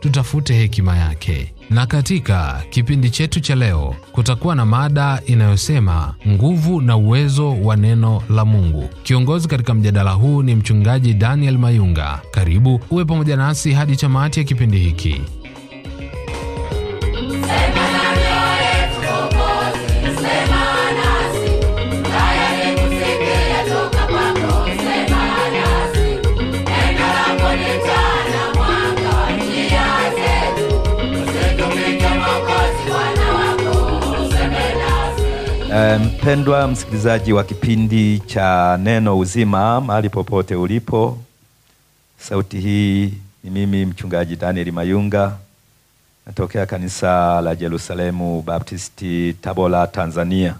tutafute hekima yake. Na katika kipindi chetu cha leo kutakuwa na mada inayosema nguvu na uwezo wa neno la Mungu. Kiongozi katika mjadala huu ni mchungaji Daniel Mayunga. Karibu uwe pamoja nasi hadi tamati ya kipindi hiki. Mpendwa um, msikilizaji wa kipindi cha Neno Uzima, mahali popote ulipo, sauti hii ni mimi mchungaji Daniel Mayunga, natokea kanisa la Jerusalemu Baptisti Tabora, Tanzania.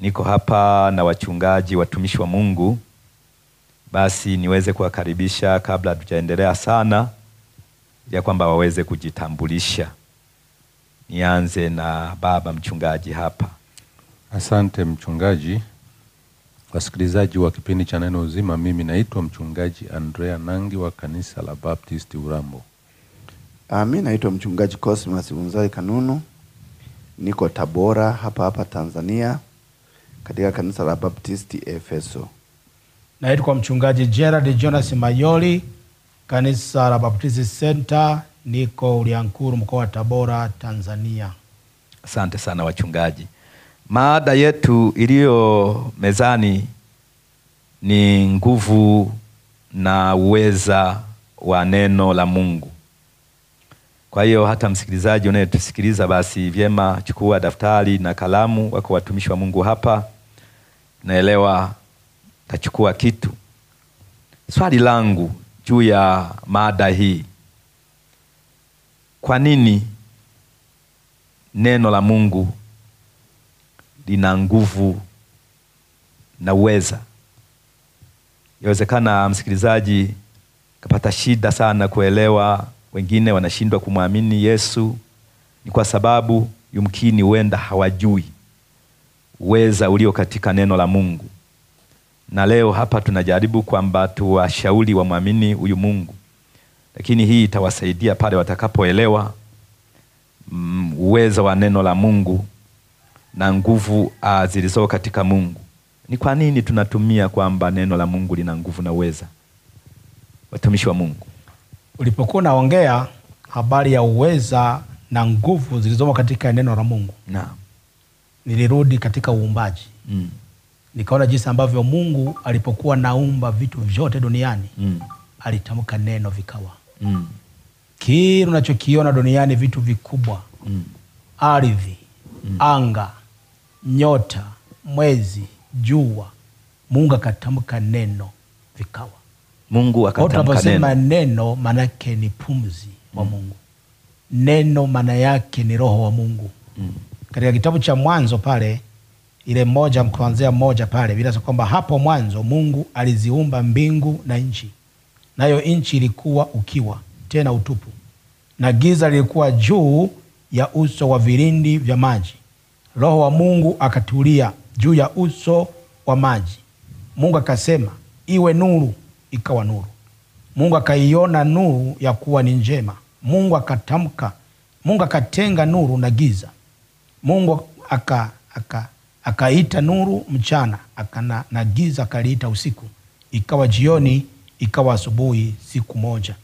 Niko hapa na wachungaji watumishi wa Mungu, basi niweze kuwakaribisha kabla tujaendelea sana, ya kwamba waweze kujitambulisha. Nianze na baba mchungaji hapa. Asante mchungaji. Wasikilizaji wa kipindi cha Neno Uzima, mimi naitwa mchungaji Andrea Nangi wa kanisa la Baptist Urambo. Ah, Mi naitwa mchungaji Cosmas Unzai Kanunu, niko Tabora hapa hapa Tanzania, katika kanisa la Baptisti Efeso. Naitwa mchungaji Gerard Jonas Mayoli, kanisa la Baptist Center, niko Uliankuru, mkoa wa Tabora, Tanzania. Asante sana wachungaji. Maada yetu iliyo mezani ni nguvu na uweza wa neno la Mungu. Kwa hiyo hata msikilizaji unayetusikiliza, basi vyema, chukua daftari na kalamu, wako watumishi wa Mungu hapa, naelewa tachukua kitu. Swali langu juu ya maada hii, kwa nini neno la Mungu lina nguvu na uweza. Inawezekana msikilizaji kapata shida sana kuelewa, wengine wanashindwa kumwamini Yesu, ni kwa sababu yumkini huenda hawajui uweza ulio katika neno la Mungu. Na leo hapa tunajaribu kwamba tuwashauri wamwamini huyu Mungu, lakini hii itawasaidia pale watakapoelewa mm, uweza wa neno la Mungu na nguvu uh, ah, zilizo katika Mungu. Ni kwa nini tunatumia kwamba neno la Mungu lina nguvu na uweza? Watumishi wa Mungu, ulipokuwa unaongea habari ya uweza na nguvu zilizomo katika neno la Mungu, na, nilirudi katika uumbaji mm. nikaona jinsi ambavyo Mungu alipokuwa naumba vitu vyote duniani mm. alitamka neno vikawa mm. kile unachokiona duniani vitu vikubwa mm. ardhi mm. anga nyota, mwezi, jua. Mungu akatamka neno vikawa. Mungu akatamka neno. Neno yake ni pumzi mm. wa Mungu. Neno maana yake ni roho wa Mungu mm. katika kitabu cha Mwanzo pale ile moja kuanzia moja pale bila kwamba hapo mwanzo Mungu aliziumba mbingu na nchi, nayo nchi ilikuwa ukiwa tena utupu, na giza lilikuwa juu ya uso wa vilindi vya maji, Roho wa Mungu akatulia juu ya uso wa maji. Mungu akasema iwe nuru, ikawa nuru. Mungu akaiona nuru ya kuwa ni njema. Mungu akatamka, Mungu akatenga nuru na giza. Mungu aka, aka, akaita nuru mchana akana, na giza akaliita usiku. Ikawa jioni, ikawa asubuhi, siku moja.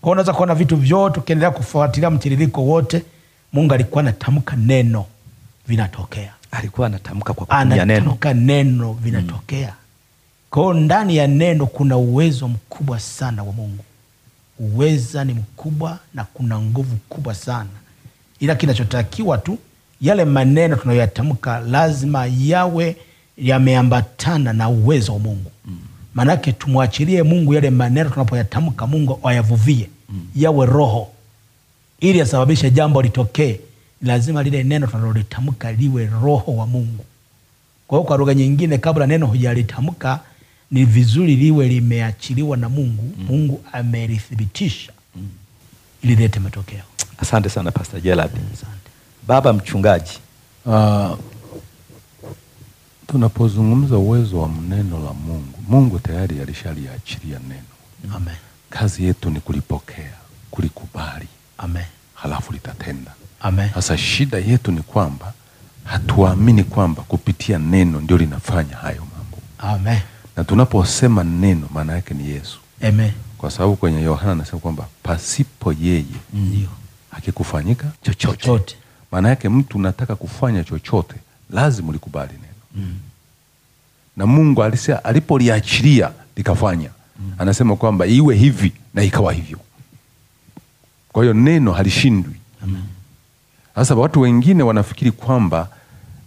Kwa unaweza kuona vitu vyote ukiendelea kufuatilia mtiririko wote, Mungu alikuwa anatamka neno vinatokea. Alikuwa anatamka kwa kutumia neno, anatamka neno mm. vinatokea. Kwao ndani ya neno kuna uwezo mkubwa sana wa Mungu. Uweza ni mkubwa na kuna nguvu kubwa sana, ila kinachotakiwa tu yale maneno tunayoyatamka lazima yawe yameambatana na uwezo wa Mungu. Maanake mm. tumwachilie Mungu yale maneno tunapoyatamka, Mungu ayavuvie, mm. yawe roho ili asababishe jambo litokee lazima lile neno tunalolitamka liwe roho wa Mungu. Kwa hiyo kwa lugha nyingine, kabla neno hujalitamka ni vizuri liwe limeachiliwa na Mungu mm. Mungu amelithibitisha mm. ili lete matokeo. Asante sana Pastor Gerald. Asante. Baba mchungaji, uh, tunapozungumza uwezo wa neno la Mungu, Mungu tayari alishaliachilia neno. Amen. Kazi yetu ni kulipokea, kulikubali. Amen. Halafu litatenda. Amen. Sasa shida yetu ni kwamba hatuamini kwamba kupitia neno ndio linafanya hayo mambo. Amen. Na tunaposema neno maana yake ni Yesu. Amen. Kwa sababu kwenye Yohana anasema kwamba pasipo yeye ndio hakikufanyika chochote. Chochote. Maana yake mtu unataka kufanya chochote lazima ulikubali neno. Mm. Na Mungu alisema alipoliachilia likafanya. Mm. Anasema kwamba iwe hivi na ikawa hivyo. Kwa hiyo neno halishindwi. Amen. Sasa watu wengine wanafikiri kwamba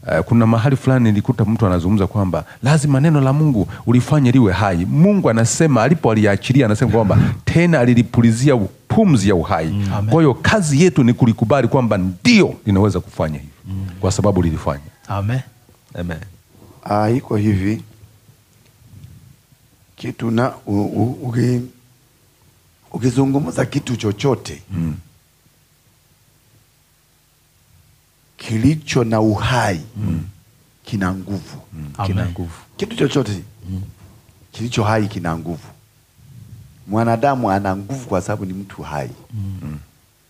uh, kuna mahali fulani nilikuta mtu anazungumza kwamba lazima neno la Mungu ulifanye liwe hai. Mungu anasema alipo aliachilia, anasema kwamba tena alilipulizia pumzi ya uhai mm. Kwa hiyo kazi yetu ni kulikubali kwamba ndio linaweza kufanya hivi mm. Kwa sababu lilifanya. Amen. Amen. Ah, iko hivi kitu na ukizungumza kitu chochote mm. kilicho na uhai mm. kina nguvu mm. kina nguvu. Kitu chochote mm. kilicho hai kina nguvu. Mwanadamu ana nguvu kwa sababu ni mtu hai, mm. Mm.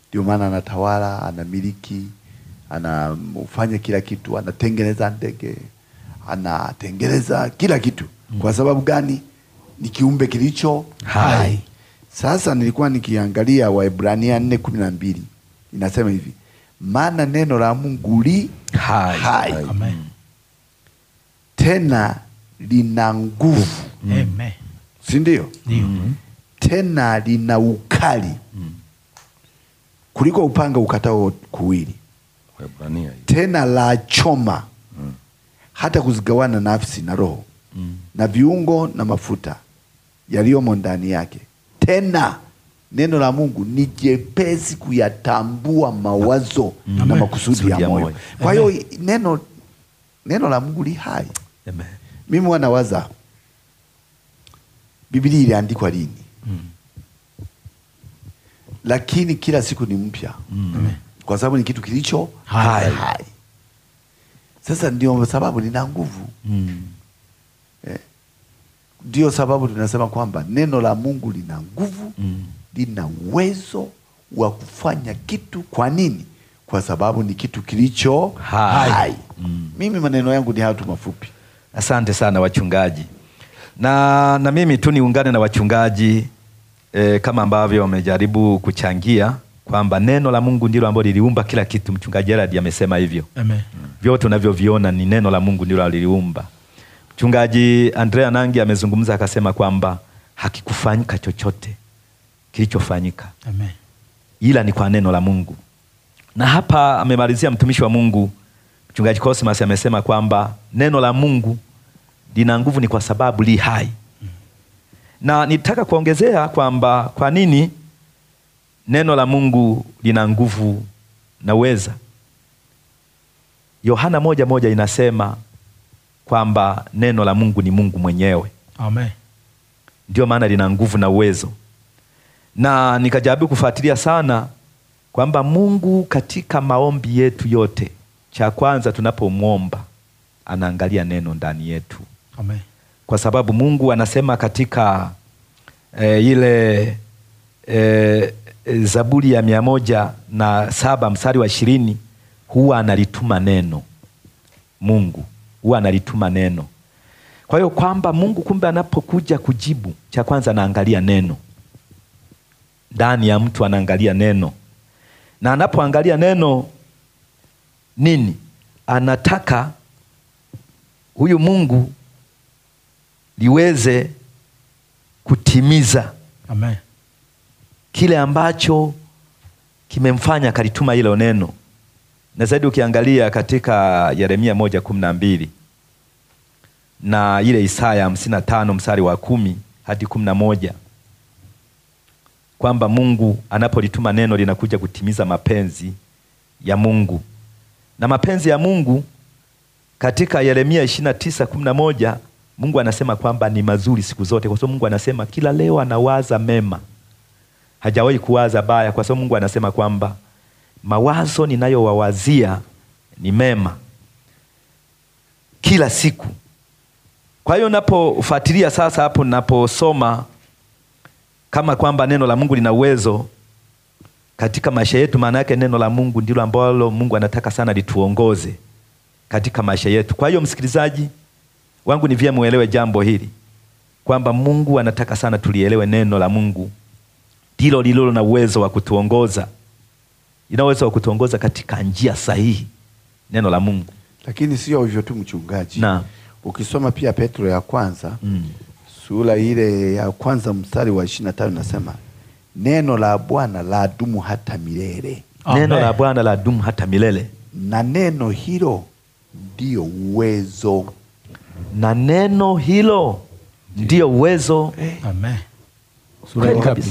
ndio mm. maana anatawala, anamiliki, anafanya kila kitu, anatengeneza ndege, anatengeneza kila kitu mm. kwa sababu gani? Ni kiumbe kilicho hai. Sasa nilikuwa nikiangalia Waebrania nne kumi na mbili inasema hivi maana neno la Mungu li hai, hai. Amen. Tena lina nguvu mm. si ndio? mm Tena lina ukali mm. kuliko upanga ukatao kuwili, tena la choma mm. hata kuzigawana nafsi na roho mm. na viungo na mafuta yaliyomo ndani yake tena neno la Mungu ni jepesi kuyatambua mawazo Amen. na makusudi ya moyo. Kwa hiyo neno, neno la Mungu li hai. Mimi wanawaza Biblia iliandikwa lini? mm. Lakini kila siku ni mpya mm. kwa sababu ni kitu kilicho hai, hai. Sasa ndio sababu lina nguvu mm. eh. Ndio sababu tunasema kwamba neno la Mungu lina nguvu lina uwezo wa kufanya kitu. Kwa nini? Kwa sababu ni kitu kilicho hai, hai. Mm. Mimi maneno yangu ni hayo tu mafupi. Asante sana wachungaji, na, na mimi tu niungane na wachungaji e, kama ambavyo wamejaribu kuchangia kwamba neno la Mungu ndilo ambalo liliumba kila kitu. Mchungaji Gerard amesema hivyo. Amen. Vyote unavyoviona ni neno la Mungu ndilo aliliumba. Mchungaji Andrea Nangi amezungumza akasema kwamba hakikufanyika chochote kilichofanyika, ila ni kwa neno la Mungu. Na hapa amemalizia mtumishi wa Mungu Mchungaji Cosmas amesema kwamba neno la Mungu lina nguvu, ni kwa sababu li hai mm. Na nitaka kuongezea kwamba kwa nini neno la Mungu lina nguvu na uweza. Yohana moja moja inasema kwamba neno la Mungu ni Mungu mwenyewe. Amen. Ndio maana lina nguvu na uwezo na nikajaribu kufuatilia sana kwamba Mungu katika maombi yetu yote, cha kwanza tunapomwomba anaangalia neno ndani yetu Amen. Kwa sababu Mungu anasema katika e, ile e, Zaburi ya mia moja na saba mstari wa ishirini huwa analituma neno. Mungu huwa analituma neno. Kwa hiyo kwamba Mungu kumbe anapokuja kujibu, cha kwanza anaangalia neno ndani ya mtu anaangalia neno, na anapoangalia neno nini anataka huyu Mungu liweze kutimiza Amen. Kile ambacho kimemfanya akalituma hilo neno. Na zaidi ukiangalia katika Yeremia moja kumi na mbili na ile Isaya hamsini na tano mstari wa kumi hadi kumi na moja kwamba Mungu anapolituma neno linakuja kutimiza mapenzi ya Mungu, na mapenzi ya Mungu katika Yeremia 29:11 Mungu anasema kwamba ni mazuri siku zote, kwa sababu Mungu anasema kila leo anawaza mema, hajawahi kuwaza baya, kwa sababu Mungu anasema kwamba mawazo ninayowawazia ni mema kila siku. Kwa hiyo napofuatilia sasa hapo, naposoma kama kwamba neno la Mungu lina uwezo katika maisha yetu. Maana yake neno la Mungu ndilo ambalo Mungu anataka sana lituongoze katika maisha yetu. Kwa hiyo, msikilizaji wangu, ni vyema uelewe jambo hili kwamba Mungu anataka sana tulielewe neno la Mungu, ndilo lililo na uwezo wa kutuongoza, ina uwezo wa kutuongoza katika njia sahihi, neno la Mungu. Lakini sio hivyo tu, mchungaji, na ukisoma pia Petro ya kwanza mm sura ile ya kwanza mstari wa ishirini na tano nasema neno la Bwana la dumu hata milele. Amen. Neno la Bwana la dumu hata milele, na neno hilo ndio uwezo, na neno hilo ndio uwezo. Amen.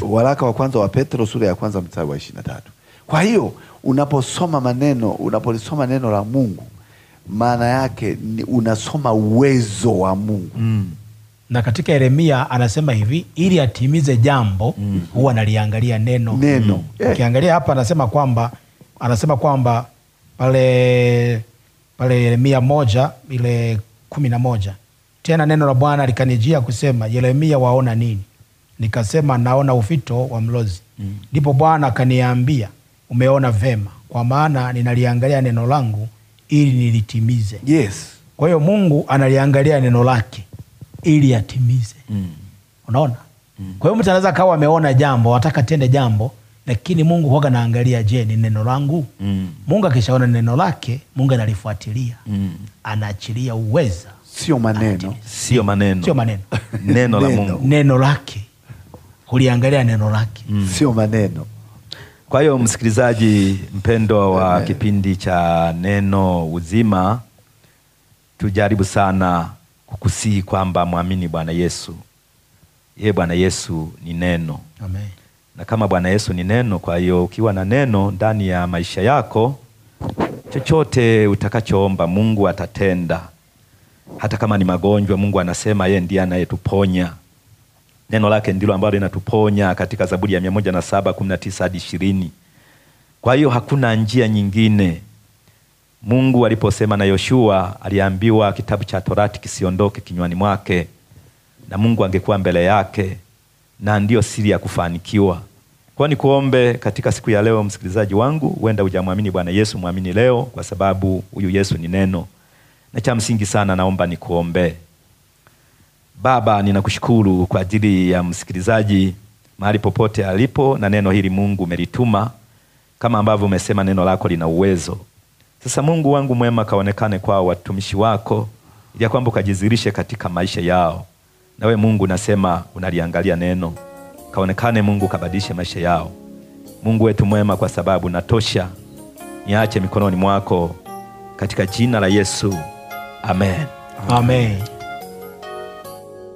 Waraka wa kwanza wa Petro sura ya kwanza mstari wa ishirini na tatu. Kwa hiyo unaposoma maneno, unapolisoma neno la Mungu, maana yake unasoma uwezo wa Mungu mm na katika Yeremia anasema hivi, ili atimize jambo mm. huwa analiangalia neno neno. Mm. Eh. Ukiangalia eh. hapa anasema kwamba anasema kwamba pale pale Yeremia moja ile kumi na moja tena neno la Bwana likanijia kusema, Yeremia, waona nini? Nikasema, naona ufito wa mlozi. Mm. Ndipo mm. Bwana akaniambia, umeona vema, kwa maana ninaliangalia neno langu ili nilitimize. Yes. Kwa hiyo Mungu analiangalia neno lake ili atimize mm. unaona mm. kwa hiyo mtu anaweza kawa ameona jambo wataka tende jambo lakini mungu huaga naangalia je ni neno langu mm. mungu akishaona neno lake mungu analifuatilia mm. anaachilia uweza sio maneno sio maneno sio maneno neno la mungu neno lake kuliangalia neno lake mm. sio maneno kwa hiyo msikilizaji mpendwa wa Amen. kipindi cha neno uzima tujaribu sana kukusihi kwamba mwamini Bwana Yesu. Yeye Bwana Yesu ni neno. Amen. Na kama Bwana Yesu ni neno, kwa hiyo ukiwa na neno ndani ya maisha yako, chochote utakachoomba Mungu atatenda. Hata kama ni magonjwa, Mungu anasema yeye ndiye anayetuponya. Neno lake ndilo ambalo linatuponya katika Zaburi ya mia kumi na tisa hadi ishirini. Kwa hiyo hakuna njia nyingine Mungu aliposema na Yoshua, aliambiwa kitabu cha Torati kisiondoke kinywani mwake, na Mungu angekuwa mbele yake, na ndiyo siri ya kufanikiwa. Kwa ni kuombe katika siku ya leo, msikilizaji wangu, huenda hujamwamini Bwana Yesu, mwamini leo, kwa sababu huyu Yesu ni neno na cha msingi sana. Naomba nikuombe Baba, ninakushukuru kwa ajili ya msikilizaji mahali popote alipo na neno hili Mungu umelituma, kama ambavyo umesema neno lako lina uwezo sasa Mungu wangu mwema, kaonekane kwa watumishi wako, ya kwamba ukajizirishe katika maisha yao. Nawe Mungu nasema unaliangalia neno, kaonekane Mungu, kabadilishe maisha yao. Mungu wetu mwema, kwa sababu natosha, niache mikononi mwako katika jina la Yesu, amen, amen. amen.